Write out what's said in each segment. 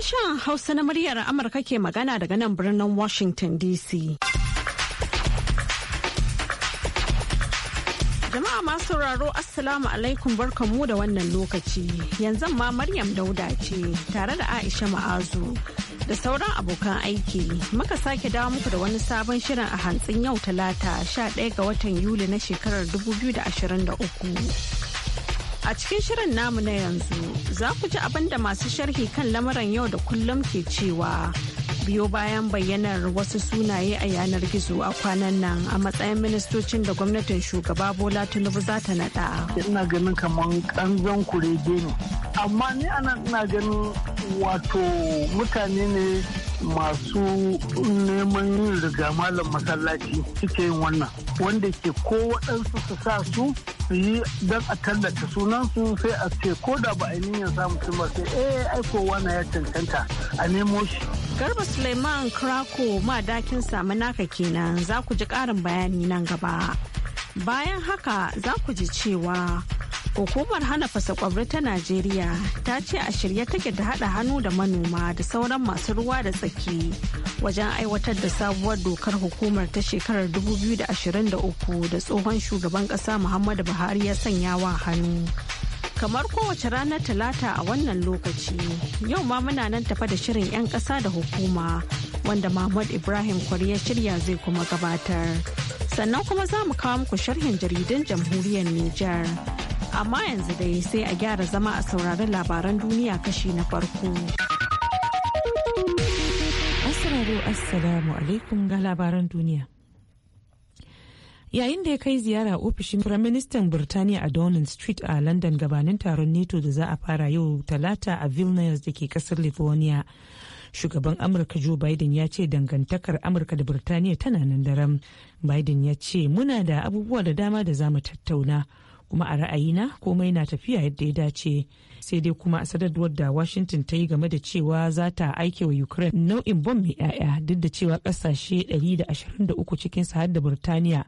Sashen Hausa na muryar Amurka ke magana daga nan birnin Washington DC. Jama'a masu sauraro Assalamu alaikum barkanmu da wannan lokaci. Yanzu ma Maryam Dauda ce tare da Aisha Ma'azu da sauran abokan aiki. Muka sake dawo muku da wani sabon shirin a hantsin yau talata 11 ga watan Yuli na shekarar 2023. A cikin shirin namu na yanzu za ku ji abin da masu sharhi kan lamuran yau da kullum ke cewa biyo bayan bayyanar wasu sunaye a yanar gizo a kwanan nan a matsayin ministocin da gwamnatin shugaba Bola Tinubu za ta naɗa. Ina ganin kamar ƙanzon kurege ne. Amma ni ana ina ganin wato mutane ne masu neman yin riga masallaci suke yin wannan wanda ke ko waɗansu su sa su su yi don a tallata sunansu sai a ce ko da ba a yi niyyar samu su ba sai eh aiko wani ya cancanta a nemo shi. Garba Suleiman Krako dakin samu naka kenan za ku ji ƙarin bayani nan gaba. Bayan haka za ku ji cewa Hukumar hana fasa kwabri ta Najeriya ta ce a shirye take da hada hannu da manoma da sauran masu ruwa da tsaki wajen aiwatar da sabuwar dokar hukumar ta shekarar 2023 da tsohon shugaban kasa Muhammadu Buhari ya sanya wa hannu. Kamar kowace ranar Talata a wannan lokaci, yau ma muna nan tafa da shirin 'yan kasa da hukuma wanda Mahmud Ibrahim ya shirya zai kuma gabatar. Sannan kuma za mu kawo muku sharhin jaridan jamhuriyar Nijar. amma yanzu dai sai a gyara zama a saurari labaran duniya kashi na farko. Asararo assalamu alaikum ga labaran duniya. Yayin da ya kai ziyara ofishin Firaministan Birtaniya a Downing Street a London gabanin taron NATO da za a fara yau talata a Vilnius da ke kasar Livonia. shugaban amurka joe biden ya ce dangantakar amurka da birtaniya tana nan daram biden ya ce muna da abubuwa da dama da za mu tattauna kuma a ra'ayina komai na tafiya yadda ya dace sai dai kuma a sadarwar da washington ta yi game da cewa za ta aike wa ukraine nau'in bom mai 'ya'ya duk da cewa kasashe 123 cikin har da burtaniya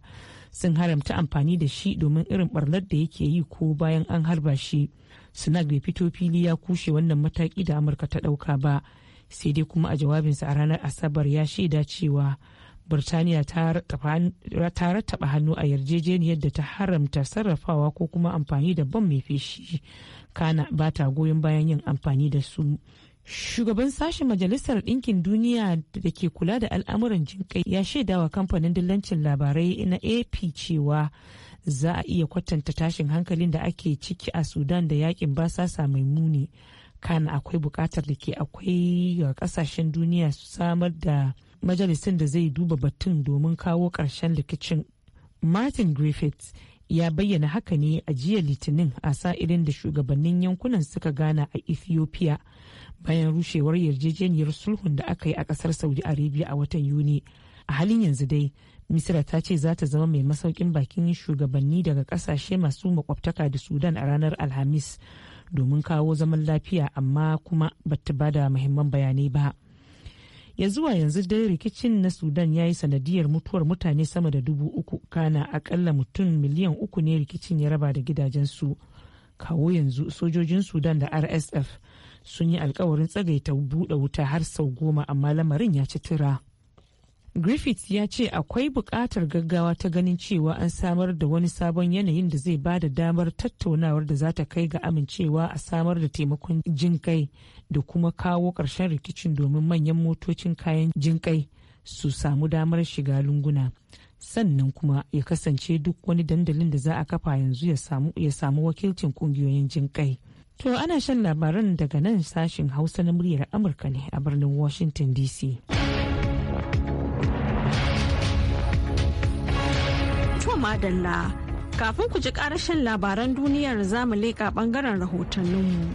sun haramta amfani da shi domin irin barnar da yake yi ko bayan an harba shi sunak bai fito fili ya kushe wannan mataki da amurka ta ɗauka ba sai dai kuma a jawabinsa a ranar asabar ya shaida cewa birtaniya ta rattaba hannu a yarjejeniyar da ta haramta sarrafawa ko kuma amfani da bom mai feshi kana ba ta goyon bayan yin amfani da su shugaban sashen majalisar ɗinkin duniya da ke kula da al'amuran jinƙai ya shaidawa kamfanin dillancin labarai na ap cewa za a iya kwatanta tashin hankalin da ake ciki a sudan da yakin basasa mai muni kana akwai bukatar da ke akwai ga kasashen duniya su samar da majalisin da zai duba batun domin kawo ƙarshen rikicin martin griffiths ya bayyana haka ne a jiya litinin a sa'irin da shugabannin yankunan suka gana a ethiopia bayan rushewar yarjejeniyar sulhun da aka yi a kasar saudi arabia a watan yuni a halin yanzu dai misira ta ce za ta zama mai masaukin bakin shugabanni daga kasashe masu makwabtaka da sudan a ranar alhamis domin kawo zaman lafiya amma kuma bata bada muhimman bayanai ba. ya zuwa yanzu dai rikicin na sudan ya yi sanadiyar mutuwar mutane sama da dubu uku kana akalla mutum miliyan uku ne rikicin ya raba da gidajen su kawo yanzu sojojin sudan da rsf sun yi alkawarin tsagaita buɗe wuta har sau goma amma lamarin ya ci tura Griffith ya ce akwai buƙatar gaggawa ta ganin cewa an samar da wani sabon yanayin da zai ba da damar tattaunawar da za ta kai ga amincewa a samar da taimakon jinƙai da kuma kawo ƙarshen rikicin domin manyan motocin kayan jinƙai su samu damar shiga lunguna. Sannan kuma ya kasance duk wani dandalin da za a kafa yanzu ya samu wakilcin ƙungiyoyin jinƙai. To ana shan labaran daga nan sashin Hausa na muryar Amurka ne a birnin Washington DC. To madalla, kafin ku ji ƙarashin labaran duniyar zamu leƙa ɓangaren rahotanninmu.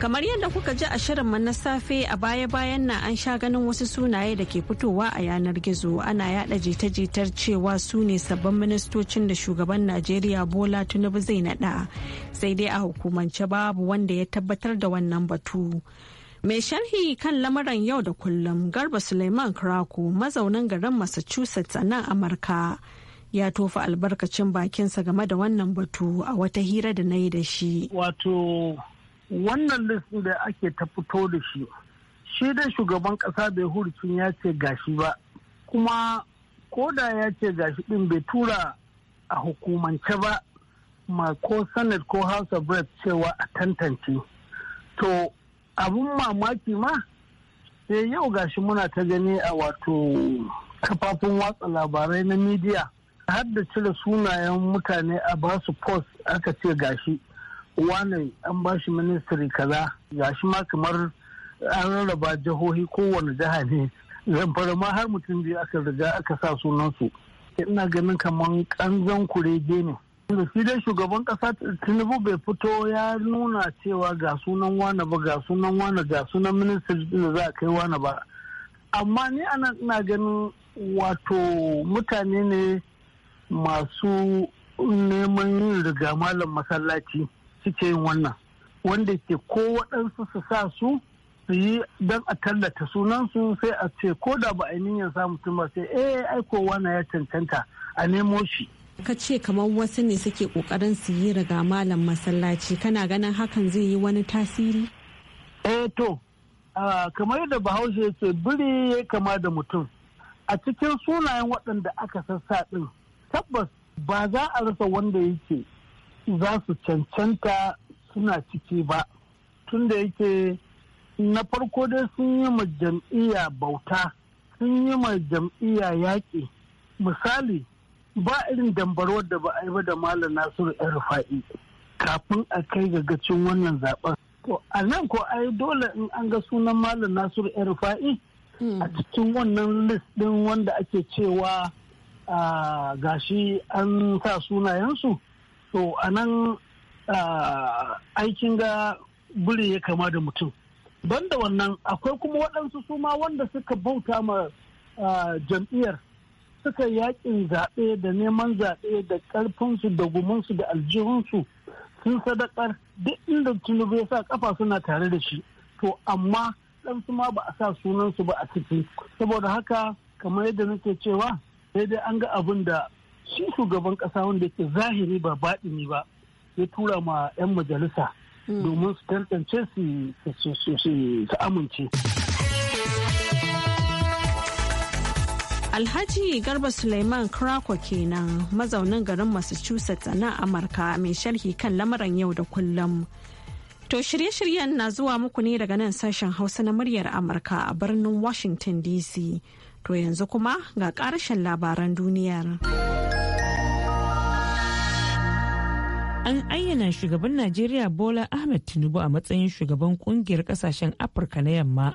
Kamar yadda kuka ji a shirin na safe a baya-bayan na an sha ganin wasu sunaye da ke fitowa a yanar gizo ana yada jita-jitar cewa su ne sabbin ministocin da shugaban Najeriya Bola Tinubu zai nada sai dai a hukumance babu wanda ya tabbatar da wannan batu. Mai sharhi kan lamuran yau da kullum Garba Suleiman Krako mazaunin garin Massachusetts a nan Amurka ya tofa albarkacin bakinsa game da wannan batu a wata hira da na yi da shi. Wato wannan listin da ake ta fito da shi, shi dai shugaban ƙasa bai hurcin ya ce gashi ba, kuma koda ya ce gashi din bai tura a hukumance ba ma ko senate ko house of reps cewa a tantance. To abin mamaki ma sai yau gashi muna ta gani a wato kafafun watsa labarai na midiya har da cire sunayen mutane a ba su post aka ce gashi wane an ba shi ministry kaza gashi ma kamar an rarraba jihohi kowane jiha ne Zan fara ma har mutum biyu aka riga aka sa sunansu ina ganin kamar kanzon kurege ne da shi dai shugaban kasa tinubu bai fito ya nuna cewa ga sunan wane ba ga sunan wane ga sunan ministry da za a kai wane ba amma ni anan ina ganin wato mutane ne masu neman yin riga malam masallaci suke yin wannan wanda ke ko waɗansu su sa su su yi don a tallata sunansu sai a ce ko da ba a niyyar sa mutum ba sai eh aiko na ya cancanta a nemo shi ka ce kamar wasu ne suke kokarin su yi riga malam masallaci kana ganin hakan zai yi wani tasiri eh to kamar yadda bahaushe yake biri ya kama da mutum a cikin sunayen waɗanda aka sassa ɗin tabbas ba za a rasa wanda yake za su cancanta suna ciki ba tunda yake na farko dai sun yi ma jam'iyya bauta sun yi ma jam'iyya yaƙi misali ba irin dambarwar da ba a yi ba da malam nasiru yan rufa'i kafin a kai ga gacin wannan zaben to a nan ko ai dole in an ga sunan malam nasiru yan rufa'i hmm. a cikin wannan list din wanda ake cewa gashi an sa sunayensu to a nan aikin ga buri ya kama da mutum banda wannan akwai kuma waɗansu suma wanda suka bauta ma jam'iyyar suka yakin zaɓe da neman zaɓe da ƙarfinsu da gumunsu da aljihunsu sun sadakar duk inda tunubu ya sa kafa suna tare da shi to amma ɗansu ma ba a sa sunansu ba a ciki saboda haka kamar yadda nake cewa sai dai an ga abin da shi shugaban kasa wanda ke zahiri ba baɗini ba ya tura ma 'yan majalisa hmm. domin su tantance su amince. Alhaji Garba Suleiman Krako kenan mazaunin garin Massachusetts a nan Amurka mai sharhi kan lamarin yau da kullum. To shirye-shiryen na zuwa muku ne daga nan sashen Hausa na muryar Amurka a birnin Washington DC. To yanzu kuma ga ƙarashin labaran duniyar. An ayyana shugaban Najeriya Bola Ahmed Tinubu a matsayin shugaban kungiyar kasashen Afirka na yamma.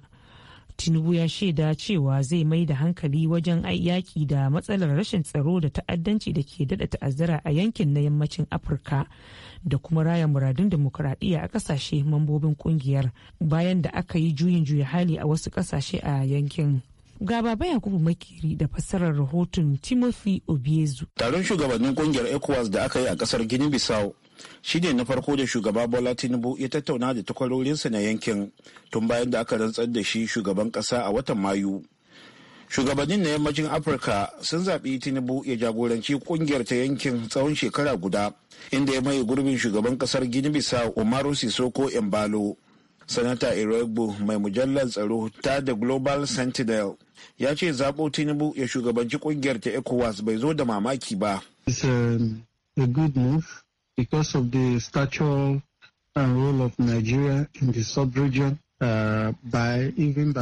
Tinubu ya shaida cewa zai mai da hankali wajen yaƙi da matsalar rashin tsaro da ta'addanci da ke daɗa ta'azzara a yankin na yammacin Afirka da kuma raya muradun demokuraɗiyya a ƙasashe mambobin ƙungiyar bayan da aka yi juyin juya hali a wasu ƙasashe a yankin. Ga baba Yakubu Makiri da fassarar rahoton Timothy Obiezu. Taron shugabannin kungiyar ECOWAS da aka yi a kasar Gini bisau shi ne na farko da shugaba Bola Tinubu ya tattauna da takwarorinsa na yankin tun bayan da aka rantsar da shi shugaban kasa a watan Mayu. Shugabannin na yammacin Afirka sun zaɓi Tinubu ya jagoranci kungiyar ta yankin tsawon shekara guda inda ya maye gurbin shugaban kasar Gini bisau Umaru Sisoko Embalo. Sanata Iroegbu mai mujallar tsaro ta The Global Sentinel ya ce zaɓo tinubu ya shugabanci ƙungiyar ta ecowas bai zo da mamaki ba um, a good move because of the stature and role of Nigeria in the sub-region Eh,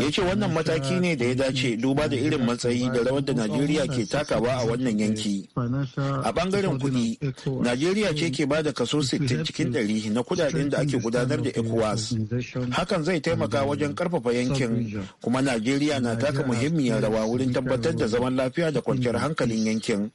ya ce wannan mataki ne da ya dace duba da irin matsayi da rawar da najeriya ke takawa a wannan yanki a bangaren kudi najeriya ce ke bada kaso 60 cikin 100 na kudaden da ake gudanar da ecowas hakan zai taimaka wajen karfafa yankin kuma najeriya na taka muhimmiyar rawa wurin tabbatar da zaman lafiya da kwanciyar hankalin yankin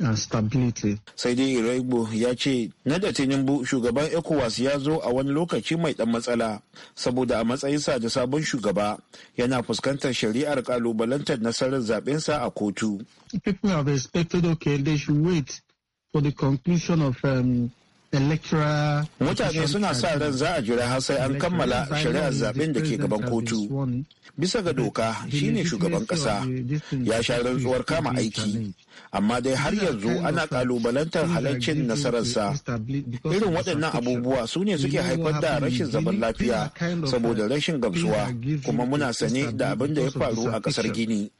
Uh, stability. Sai dai raibu ya ce, na da Tinubu shugaban ECOWAS ya zo a wani lokaci mai dan matsala, saboda a matsayinsa da sabon shugaba yana fuskantar shari'ar kalubalantar nasarar zaɓensa a kotu. People have expected, okay, they should wait for the conclusion of um, Mutane suna sa ran za a jira har sai an kammala shari'ar zaben da ke gaban kotu. Bisa ga doka shi ne shugaban ƙasa, ya sha rantsuwar kama aiki, amma dai har yanzu ana ƙalubalantar halaccin nasararsa. Irin waɗannan abubuwa su ne suke haifar da rashin zaman lafiya saboda uh, rashin gamsuwa kuma muna sane da abin da ya faru a ƙasar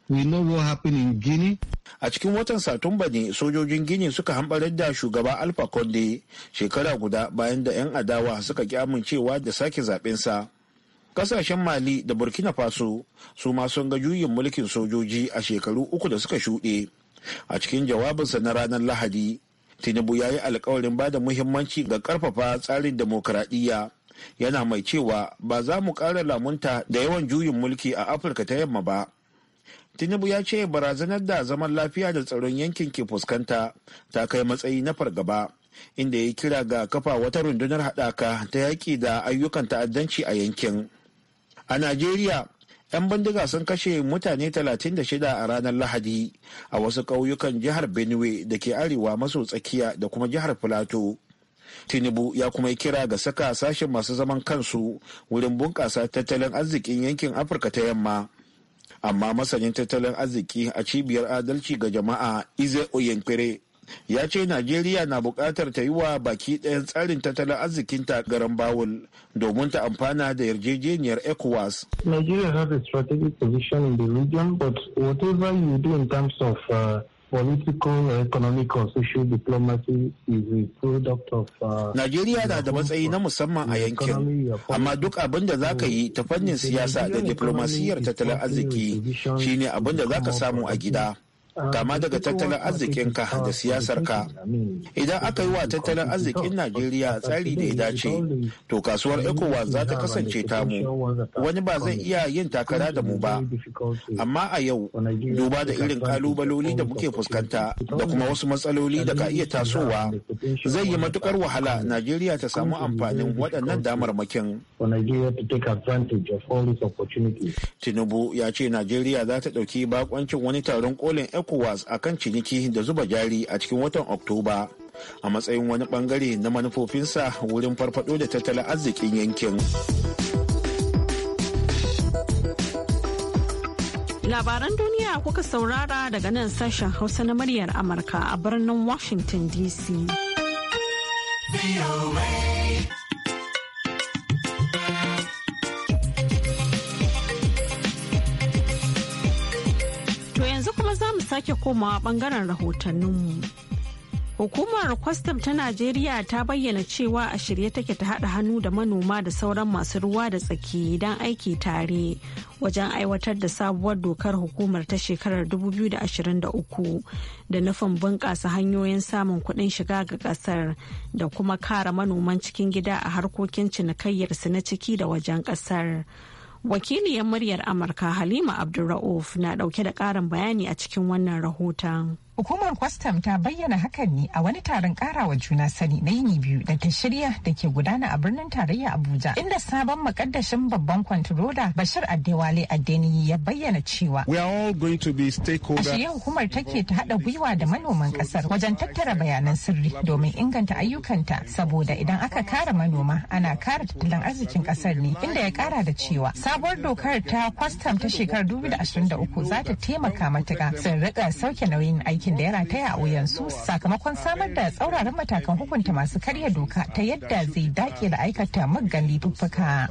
Gini. A cikin watan Satumba ne sojojin Gini suka hambarar da shugaba Alpha Conde shekara guda bayan da 'yan adawa suka ki amincewa da sake zaɓensa. ƙasashen Mali da Burkina Faso su ma sun ga juyin mulkin sojoji a shekaru uku da suka shuɗe. A cikin jawabinsa na ranar Lahadi, Tinubu ya yi alkawarin ba da muhimmanci ga ƙarfafa tsarin demokuraɗiyya. Yana mai cewa ba za mu ƙara lamunta da yawan juyin mulki a Afirka ta yamma ba. tinubu ya ce barazanar da zaman lafiya da tsaron yankin ke fuskanta ta kai matsayi na fargaba inda ya kira ga kafa wata rundunar haɗaka ta yaƙi da ayyukan ta'addanci a yankin. A Najeriya, 'yan bindiga sun kashe mutane 36 a ranar Lahadi a wasu ƙauyukan jihar Benue da ke arewa maso tsakiya da kuma jihar Filato. Tinubu ya kuma yi kira ga saka sashen masu zaman kansu wurin bunƙasa tattalin arzikin yankin Afirka ta yamma. amma masanin tattalin arziki a cibiyar adalci ga jama'a ize oyenkwere ya ce najeriya na bukatar ta yi wa baki ɗayan tsarin tattalin arzikinta garan bawul domin ta amfana da yarjejeniyar ecowas nigeria has a but whatever of uh... political, economic or uh, Najeriya na da matsayi na musamman a yankin amma duk abin da za ka yi ta fannin siyasa da diplomasiyar tattalin arziki shine abin da za ka samu a gida kama daga tattalin arzikinka da siyasarka idan aka yi wa tattalin arzikin najeriya tsari da ya dace to kasuwar ecowas za ta kasance tamu wani ba zai iya yin takara da mu ba amma a yau duba da irin kalubaloli da muke fuskanta da kuma wasu matsaloli da ka iya tasowa zai yi matukar wahala najeriya ta samu amfanin waɗannan damarmakin tinubu ya ce najeriya za ta ɗauki bakoncin wani taron kolin ecowas a kan ciniki da zuba jari a cikin watan oktoba a matsayin wani bangare na manufofinsa wurin farfado da tattalin arzikin yankin labaran duniya kuka saurara daga nan sashen hausa na muryar amurka a birnin washington dc sake komawa bangaren rahotanninmu. Hukumar kwastam ta Najeriya ta bayyana cewa a shirye take ta haɗa hannu da manoma da sauran masu ruwa da tsaki don aiki tare wajen aiwatar da sabuwar dokar hukumar ta shekarar 2023 da nufin bunƙasa hanyoyin samun kuɗin shiga ga ƙasar da kuma kare manoman cikin gida a harkokin cinikayyarsu na ciki da wajen ƙasar. wakiliyar muryar amurka halima abdulra'uf na dauke da karin bayani a cikin wannan rahoton Hukumar kwastam ta bayyana hakan ne a wani taron karawa juna sani na yini biyu da ta shirya da ke gudana a birnin tarayya Abuja inda sabon makaddashin babban kwantiroda Bashir Adewale Adeni ya bayyana cewa. We are all going to be stakeholders. A hukumar take ta haɗa gwiwa da manoman kasar wajen tattara bayanan sirri domin inganta ayyukanta saboda idan aka kare manoma ana kare tattalin arzikin kasar ne inda ya kara da cewa sabuwar dokar ta kwastam ta shekarar 2023 za ta taimaka matuka sun rika sauke nauyin aiki aikin da ya rataya a wuyansu sakamakon samar da tsauraran matakan hukunta masu karya doka ta yadda zai da aikata maggan laifuka.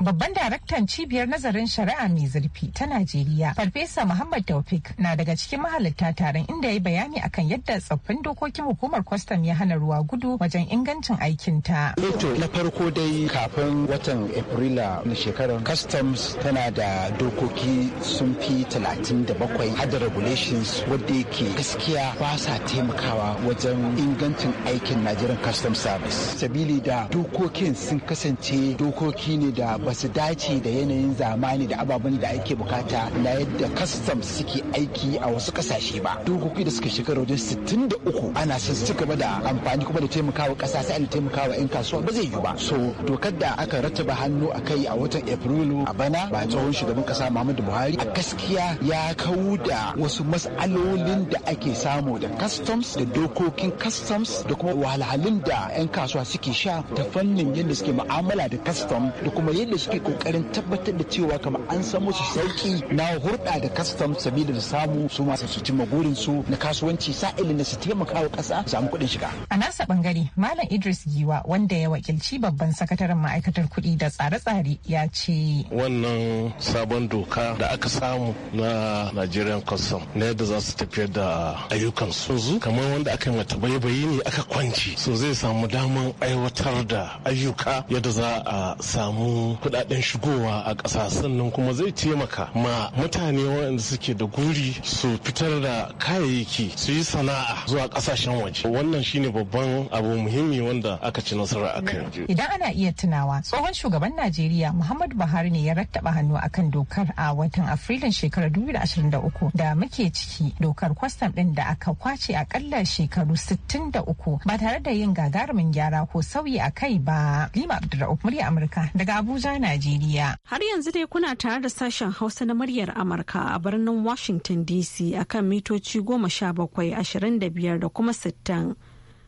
Babban daraktan cibiyar nazarin shari'a mai zurfi ta Najeriya, Farfesa Muhammad Taufik na daga cikin mahalarta taron inda ya bayani akan yadda tsoffin dokokin hukumar kwastam ya hana ruwa gudu wajen ingancin aikin ta Eto na farko dai kafin watan afrila na shekarar customs tana da dokoki sun fi talatin da bakwai hada regulation su wadda yake gaskiya ba sa taimakawa wajen ingancin aikin Nigerian custom Service. Sabili da dokokin sun kasance dokoki ne da ba su dace da yanayin zamani da ababen da ake bukata na yadda customs suke aiki a wasu kasashe ba. Dokoki da suka shiga wajen 63 ana son su gaba da amfani kuma da taimakawa kasa sai da taimakawa 'yan kasuwa ba zai yi ba. So dokar da aka rattaba hannu a kai a watan april a bana ba tsohon shugaban kasa Muhammadu Buhari a gaskiya ya kawo da wasu mas matsalolin da ake samu da customs da dokokin customs da kuma wahalhalun da 'yan kasuwa suke sha ta fannin yadda suke mu'amala da custom da kuma yadda suke kokarin tabbatar da cewa kama an san musu sauki na hurɗa da custom sabida da samu su masu su cimma burinsu na kasuwanci sa'ilin da su taimaka wa ƙasa samu kuɗin shiga. A nasa bangare Malam Idris Giwa wanda ya wakilci babban sakataren ma'aikatar kuɗi da tsare-tsare ya ce. Wannan sabon doka da aka samu na Nigerian Custom na yadda za su tafiyar da ayyukan su mhm. kamar wanda aka yi mata baibayi ne aka kwanci so zai samu daman aiwatar da ayyuka yadda za a samu kudaden shigowa a ƙasa sannan kuma zai taimaka ma mutane waɗanda suke da guri su fitar da kayayyaki su yi sana'a zuwa ƙasashen waje wannan shine babban abu muhimmi wanda aka ci nasara a kai idan ana iya tunawa tsohon shugaban najeriya muhammadu buhari ne ya rattaba hannu akan dokar a watan afrilun shekarar 2023 da muke ci. ciki dokar kwastam ɗin da aka kwace akalla shekaru 63 ba tare da yin gagarumin gyara ko sauyi a kai ba. Lima Abdulrahman murya Amurka daga Abuja, Najeriya. Har yanzu dai kuna tare da sashen Hausa na muryar Amurka a birnin Washington DC akan mitoci goma sha bakwai ashirin da biyar da kuma sittin.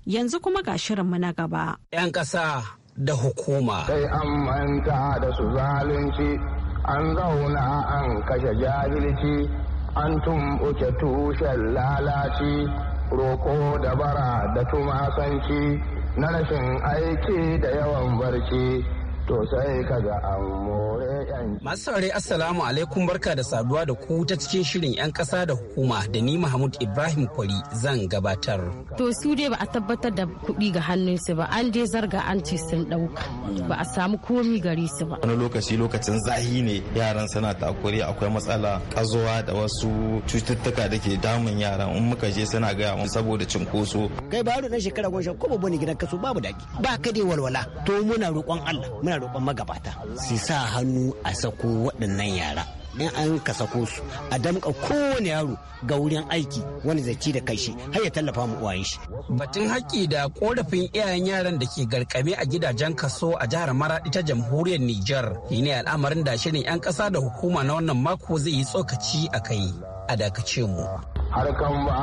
Yanzu kuma ga shirinmu na gaba. 'Yan ƙasa da hukuma. Sai an manta da su zalunci, an zauna an kashe jahilci. an tumɓuke tushen lalaci roko da bara da tumasanci na rashin aiki da yawan barci to ka an more yan. Masu saurare Assalamu alaikum barka da saduwa da ku ta cikin shirin 'yan kasa da hukuma da ni Mahmud Ibrahim Kwari zan gabatar. To su dai ba a tabbatar da kuɗi ga hannunsu ba an dai zarga an ce sun ɗauka ba a samu komi gare su ba. Wani lokaci lokacin zahi ne yaran suna takuri akwai matsala ƙazuwa da wasu cututtuka da ke damun yaran in muka je suna gaya mu saboda cinkoso. Kai ba na shekara goma sha ko babu gidan kaso babu daki ba ka dai walwala to muna roƙon Allah muna roƙon magabata su sa hannu a sako waɗannan yara in an ka sako su a damƙa kowane yaro ga wurin aiki wani zai da kashi har ya tallafa mu uwayen shi. Batun haƙƙi da korafin iyayen yaran da ke garkame a gidajen kaso a jihar Maraɗi ta jamhuriyar Nijar ne al'amarin da shirin 'yan ƙasa da hukuma na wannan mako zai yi tsokaci a kai a dakace mu. Harkan ba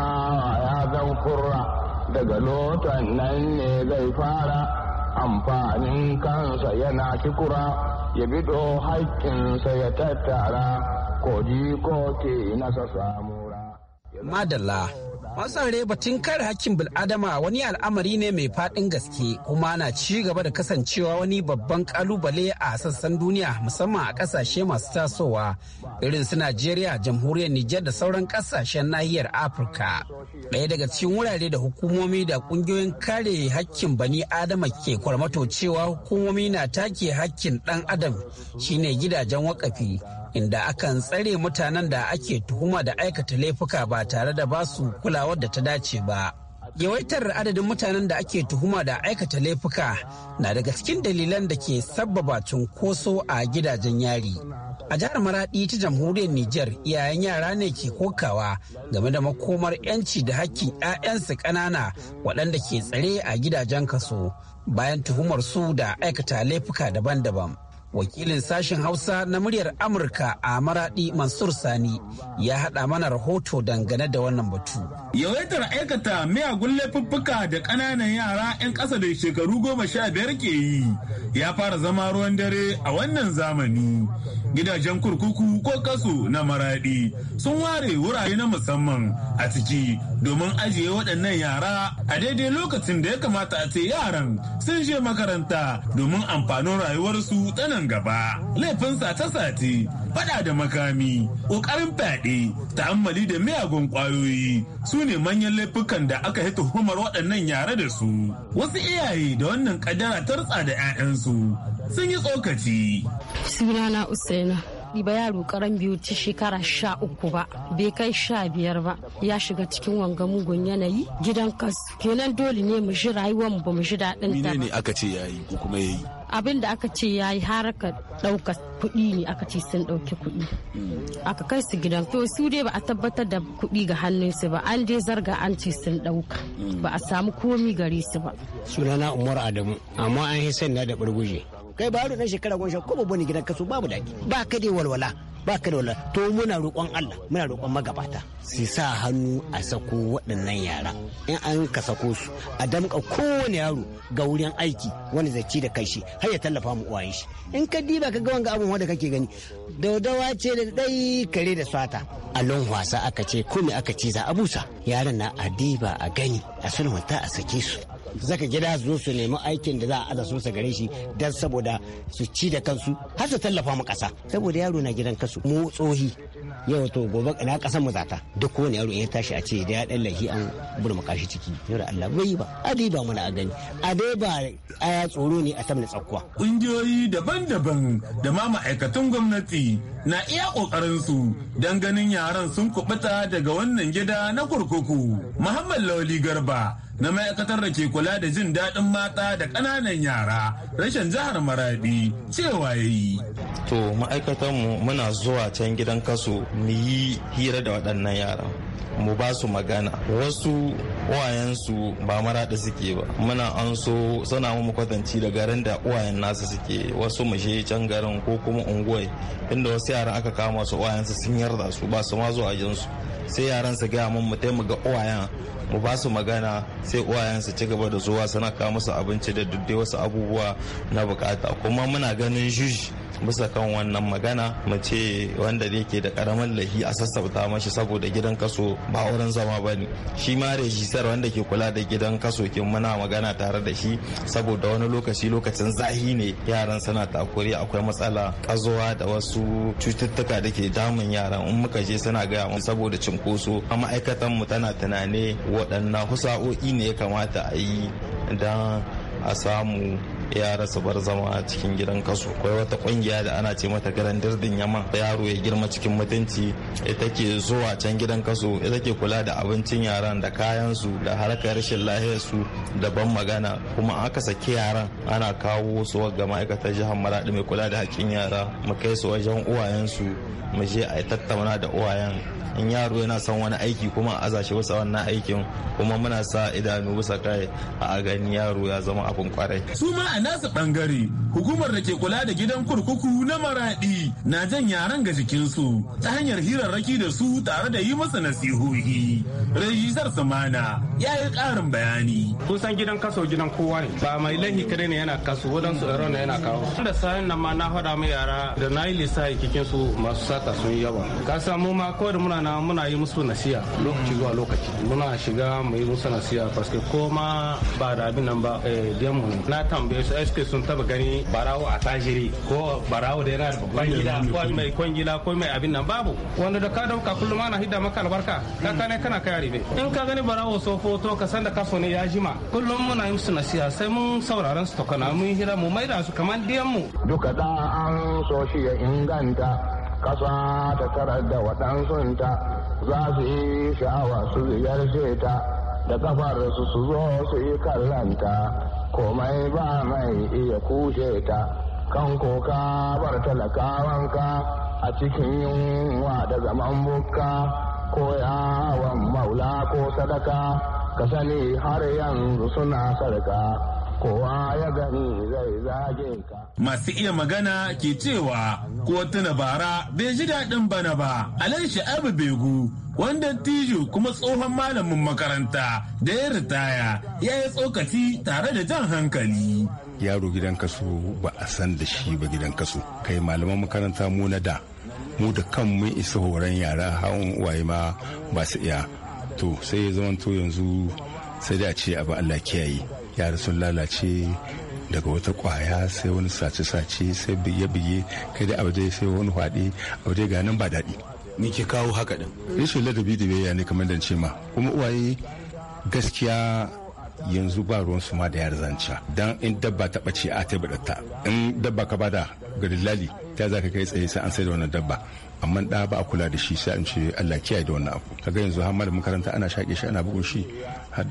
ya zan kurra daga lotan nan ne zai fara amfanin kansa yana kikura ya bido haƙƙinsa ya tattara ko ke nasa samura. Madalla reba batun kare hakkin bil'adama wani al'amari ne mai faɗin gaske kuma na ci gaba da kasancewa wani babban kalubale a sassan duniya musamman a ƙasashe masu tasowa irin su Najeriya, jamhuriyar Nijar da sauran ƙasashen nahiyar Afirka. Ɗaya daga cikin wurare da hukumomi da ƙungiyoyin kare hakkin bani adama ke kwarmato cewa hukumomi na take hakkin ɗan adam shine gidajen wakafi inda akan tsare mutanen da ake tuhuma da aikata laifuka ba tare da basu su kulawar da ta dace ba. Yawaitar adadin mutanen da ake tuhuma da aikata laifuka na daga cikin dalilan da ke sabbaba cunkoso a gidajen yari. A jihar maraɗi ta jamhuriyar Nijar iyayen yara ne ke kokawa game da makomar 'yanci da hakkin 'ya'yansu ƙanana waɗanda ke tsare a gidajen kaso bayan tuhumar su da aikata laifuka daban-daban. wakilin sashen hausa na muryar amurka a maradi mansur sani ya haɗa mana rahoto dangane da wannan batu yawaitar aikata miyagun laifuffuka da ƙananan yara 'yan ƙasa da shekaru goma sha biyar ke yi ya fara zama ruwan dare a wannan zamani gidajen kurkuku ko kaso na maraɗi sun ware wurare na musamman a ciki domin ajiye waɗannan yara a daidai lokacin da ya kamata a ce yaran sun je makaranta domin amfanin rayuwarsu ta nan gaba laifin sata sati fada da makami ƙoƙarin fyaɗe ta'ammali da miyagun ƙwayoyi su ne manyan laifukan da aka yi tuhumar waɗannan yara da su wasu iyaye da wannan ƙaddara tartsa da 'ya'yansu sun yi tsokaci. Sunana Usaina. ba yaro karan biyu ci shekara sha uku ba bai kai sha biyar ba ya shiga cikin wanga mugun yanayi gidan kasu kenan dole ne mu ji rayuwar mu ba mu ji daɗin ta ne aka ce yayi ko kuma yayi abin da aka ce yayi haraka ɗauka kuɗi ne aka ce sun ɗauki kuɗi aka kai su gidan to su dai ba a tabbatar da kuɗi ga hannunsu ba an dai zarga an ce sun ɗauka ba a samu komi gare su ba sunana umar adamu amma an yi sanda da ɓarguje kai ba na shekara goma sha ko babba ne gidan kaso babu daki ba ka dai walwala ba ka da walwala to muna roƙon Allah muna roƙon magabata su sa hannu a sako waɗannan yara in an ka sako su a damƙa kowane yaro ga wurin aiki wani zaci da kai har ya tallafa mu uwaye shi in ka diba ka ga wanga abun wanda kake gani daudawa ce da dai kare da swata a lon wasa aka ce kome aka ce za a busa yaran na a diba a gani a sulhunta a sake su zaka gida zo su nemi aikin da za a aza gare shi dan saboda su ci da kansu har su tallafa mu kasa saboda yaro na gidan kasu mu tsohi yau to gobe na kasan mu zata duk kowane yaro ya tashi a ce da ya dan lahi an mu kashi ciki yau da Allah bai ba adai ba muna gani adai ba aya tsoro ne a tamna tsakkuwa kungiyoyi daban-daban da ma ma'aikatan gwamnati na iya kokarin su dan ganin yaran sun kubuta daga wannan gida na kurkuku Muhammad Lawli Garba na ma'aikatar da ke kula da jin daɗin mata da ƙananan yara rashin jihar marabi cewa ya yi to ma'aikatanmu muna zuwa can gidan kaso mu yi hira da waɗannan yara mu ba su magana wasu uwayensu ba maraɗa suke ba muna an so suna mu kwatanci da garin da uwayen nasu suke wasu mu shi can garin ko kuma unguwai inda wasu yaran aka kama su uwayensu sun yarda su ba su ma zuwa jinsu sai yaran su gaya mun mu mu ga uwayen mu ba su magana sai uwayen su ci gaba da zuwa suna kawo musu abinci da duk wasu abubuwa na bukata kuma muna ganin juji bisa kan wannan magana mace wanda ne ke da karamar lahi a sassauta mashi saboda gidan kaso ba wurin zama ba ne shi ma rejisar wanda ke kula da gidan kaso ke muna magana tare da shi saboda wani lokaci lokacin zahi ne yaran suna takuri akwai matsala kazuwa da wasu cututtuka da ke damun yaran in muka je suna gaya mu saboda cinkoso a ma'aikatan mu tana tunane waɗannan husa'o'i ne ya kamata a yi don a samu ya rasa bar zama a cikin gidan kaso akwai wata kungiya da ana ce mata garan dirdin yaman yaro ya girma cikin mutunci ita ke zuwa can gidan kaso ita ke kula da abincin yaran da kayan su da harkar rashin lahiyar su da ban magana kuma aka saki yaran ana kawo su ga ma'aikatar jihar maradi mai kula da hakkin yara mu kai su wajen uwayen su mu je a tattauna da uwayen in yaro yana son wani aiki kuma a azashi wasu wannan aikin kuma muna sa idanu bisa kai a gani yaro ya zama abin kwarai su ma a nasu bangare hukumar da ke kula da gidan kurkuku na maradi na jan yaran ga jikinsu ta hanyar hirarraki da su tare da yi masa nasihohi rajisar samana ya yi karin bayani kusan gidan kaso gidan kowa ne ba mai lahi kare ne yana kaso wadansu iron yana kawo da sayan nan ma na hada mai yara da na yi lissafi kikin su masu sata sun yawa ka samu ma kawai muna na muna yi musu nasiya lokaci zuwa lokaci muna shiga mu yi musu nasiya paske ko ma ba da abin nan ba eh, mu na tambaye su eske sun taba gani barawo a tajiri ko barawo da yana da babban gida ko mai kwan gida ko mai abin nan babu wanda da ka dauka kullum ana hidda maka albarka ka kane kana kai ribe in ka gani barawo so foto ka san da so ne ya jima kullum muna yi musu nasiya sai mun sauraron su to kana mun hira mu maida su kamar diyan mu duka da an so shi ya inganta kasa ta tarar da waɗansunta za su yi sha'awa su ziyarce ta da kafarsu su zo su yi kallanta komai ba mai iya kushe ta kan koka bar talakawanka a cikin yunwa da zaman bukka ko yawon maula ko sadaka ka sani har yanzu suna sarka kowa ya gani zai zage ka masu iya magana ke cewa ko tuna bara bai ji daɗin bana ba alai sha'abu begu wanda tiju kuma tsohon malamin makaranta da ya ritaya ya yi tsokaci tare da jan hankali yaro gidan kasu ba a san da shi ba gidan kasu kai malaman makaranta mu na da mu da kan mun isa horon yara hawan uwaye ma ba su iya to sai ya zama to yanzu sai da ce abu allah kiyaye yara sun lalace daga wata kwaya sai wani sace-sace sai biye-biye kai da abu dai sai wani hwaɗe abu dai ga nan ba daɗi ni ke kawo haka din rashin ladabi da biyayya ne kamar dan ma kuma uwaye gaskiya yanzu ba ruwan su ma da yar zanca dan in dabba ta bace a ta bada ta in dabba ka bada ga dillali ta za ka kai tsaye sai an sai da wannan dabba amma da ba a kula da shi sai an ce Allah kiyaye da wannan abu kaga yanzu har malamin makaranta ana shaƙe shi ana bugun shi har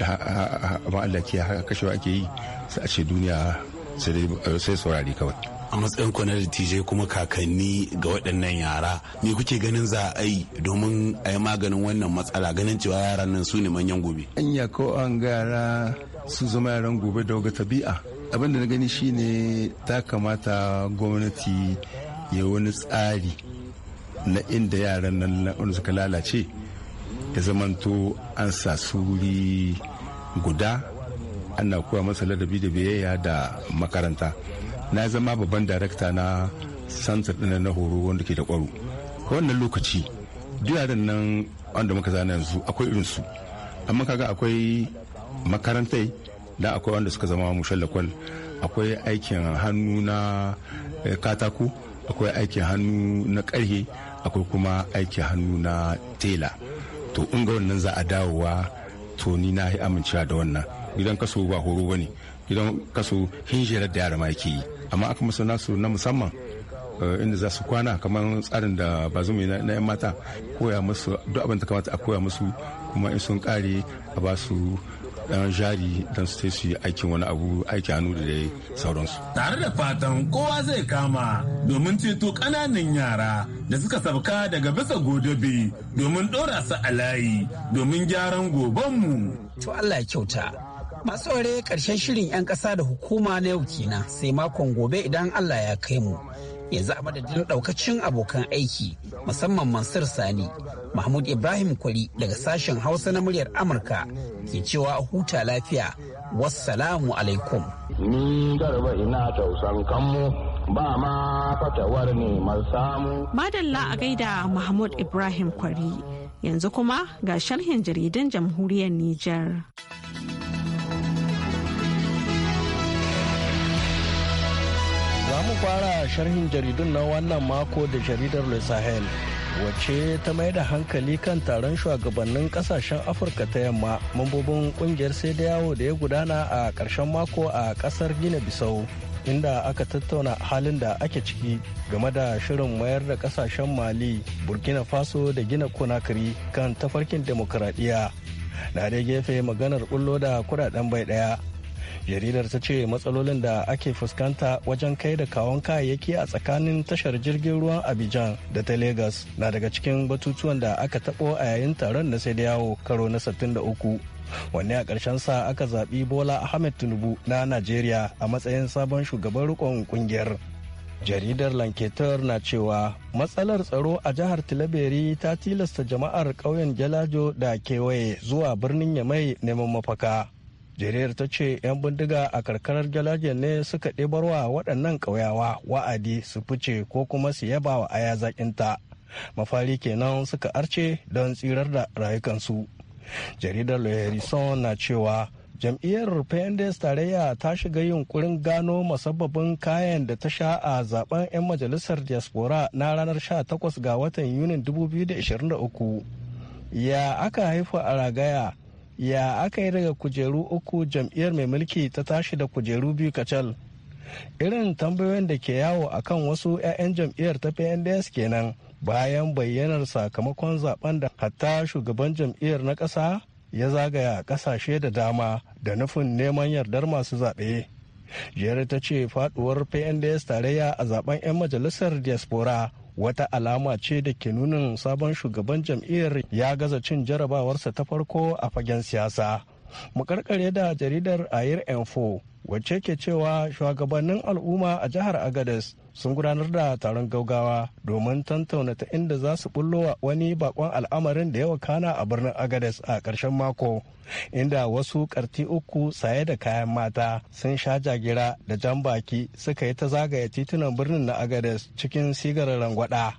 amma Allah kiyaye haka kashewa ake yi sai a ce duniya eh, sai saurari kawai a matsayin ku na dattijai kuma kakanni ga waɗannan yara me kuke ganin za a yi domin a yi maganin wannan matsala ganin cewa yaran nan su ne manyan gobe anya ko an ga yara su zama yaran gobe da ga tabi'a abin da na gani shine ta kamata gwamnati ya wani tsari na inda yaran nan wanda suka lalace ya zamanto an sa suri guda ana koya masa ladabi da biyayya da makaranta na zama babban darakta na santar ɗin na horo wanda ke da kwaro wannan lokaci duk yaran nan wanda muka zana yanzu akwai irinsu amma kaga akwai makarantai da akwai wanda suka zama mushallakwal akwai aikin hannu na eh, katako akwai aikin hannu na karhe akwai kuma aiki hannu na tela to in ga wannan za a dawowa to ni na yi amincewa da wannan gidan kaso ba horo ba ne gidan kaso hinjirar da yara ma yake yi amma aka musu nasu na musamman eh, inda za su kwana kamar tsarin da ba zumi na 'yan mata koya musu duk abin da kamata a koya musu kuma in sun kare a ba su dan jari dan su su aikin wani abu aiki hannu da dai sauransu. Tare da fatan kowa zai kama domin ceto ƙananan yara da suka sabka daga bisa godobe domin ɗora su a layi domin gyaran gobanmu. To Allah ya kyauta. Masu ware ƙarshen shirin 'yan ƙasa da hukuma na yau kenan sai makon gobe idan Allah ya kai mu. yanzu a madadin daukacin abokan aiki musamman mansur sani mahmud ibrahim kwari daga sashen hausa na muryar amurka ke cewa huta lafiya wassalamu alaikum ni garba ina tausan kanmu ba ma fatawar ne samu madalla a gaida mahmud ibrahim kwari yanzu kuma ga sharhin jaridan jamhuriyar niger mu fara sharhin jaridun na wannan mako da jaridar Le Sahel wacce ta mai da hankali kan taron shugabannin kasashen afirka ta yamma mambobin kungiyar sai da yawo da ya gudana a ƙarshen mako a ƙasar gina bisau inda aka tattauna halin da ake ciki game da shirin mayar da kasashen mali burkina faso da gina konakiri kan tafarkin demokuraɗiyya na da gefe maganar kullo da kudaden bai daya jaridar ta ce matsalolin da ake fuskanta wajen kai da kawon kayayyaki a tsakanin tashar jirgin ruwan abijan da ta lagos na daga cikin batutuwan da aka tabo a yayin taron na sai da yawo karo na 63 wanne a ƙarshen sa aka zaɓi bola ahmed tinubu na najeriya a matsayin sabon shugaban rikon ƙungiyar. jaridar lanketer na cewa matsalar tsaro a jihar tilaberi ta tilasta jama'ar ƙauyen jalajo da kewaye zuwa birnin yamai neman mafaka jeriyar ta ce 'yan bindiga a karkarar jalajen ne suka ɗibarwa waɗannan ƙauyawa wa'adi su fice ko kuma su yaba wa aya zaƙinta mafari kenan suka arce don tsirar da rayukansu jaridar loherison na cewa jam'iyyar pendes tarayya ta shiga yunkurin gano masababin kayan da ta sha a zaben 'yan majalisar diaspora na ranar 18 ga watan yunin 2023 ya aka haifa a ragaya ya aka yi daga kujeru uku jam'iyyar mai mulki ta tashi da kujeru biyu kacal irin tambayoyin da ke yawo akan wasu 'ya'yan jam'iyyar ta pnds kenan bayan bayyanar sakamakon zaben da hatta shugaban jam'iyyar na ƙasa ya zagaya ƙasashe da dama da nufin neman yardar masu zaɓe jere ta ce faduwar pnds tarayya a zaben 'yan majalisar diaspora wata alama ce da ke nunin sabon shugaban jam'iyyar ya gaza cin jarabawarsa ta farko a fagen siyasa mukarkare da jaridar ayir info wacce ke cewa shugabannin al'umma a jihar agadez sun gudanar da taron gaugawa domin tantauna ta inda za su bullowa wani bakon al'amarin da ya wakana a birnin agades a ƙarshen mako inda wasu karti uku saye da kayan mata sun sha jagira da jan baki suka yi ta zagaya titunan birnin na agades cikin sigar rangwada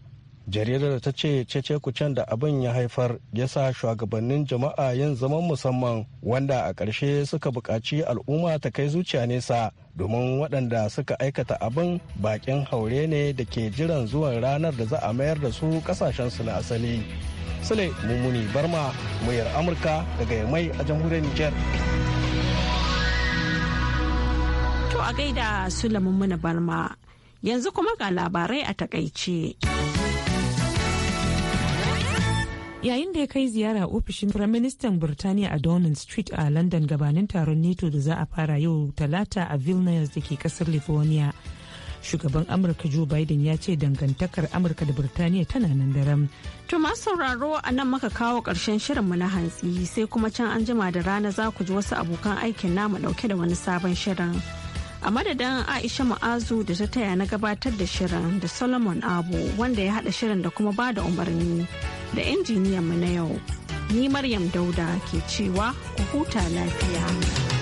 jaridar ta ce cece kucen da abin ya haifar ya sa shugabannin jama'a yin zaman musamman wanda a ƙarshe suka buƙaci al'umma ta kai zuciya nesa domin waɗanda suka aikata abin baƙin haure ne da ke jiran zuwan ranar da za a mayar da su ƙasashensu na asali sule mummuni barma muyar amurka daga mai a jamhuriyar niger to a gaida sule mummuni barma yanzu kuma ga labarai a takaice. yayin da ya kai ziyara ofishin firaministan birtaniya a downing street a london gabanin taron nato da za a fara yau talata a vilnius da ke kasar lithuania shugaban amurka joe biden ya ce dangantakar amurka da birtaniya tana nan daram to masu sauraro a nan maka kawo karshen shirinmu na hantsi sai kuma can an jima da rana za ku ji wasu abokan aikin namu dauke da wani sabon shirin. a madadin aisha ma'azu da ta taya na gabatar da shirin da solomon abu wanda ya haɗa shirin da kuma bada umarni da injiniyan mu na yau ni maryam dauda ke cewa ku huta lafiya